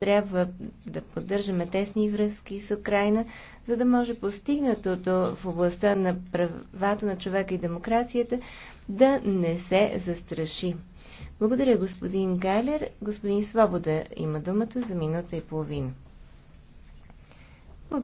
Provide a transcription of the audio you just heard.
трябва да поддържаме тесни връзки с Украина, за да може постигнатото в областта на правата на човека и демокрацията да не се застраши. Благодаря, господин Гайлер. Господин Свобода има думата за минута и половина.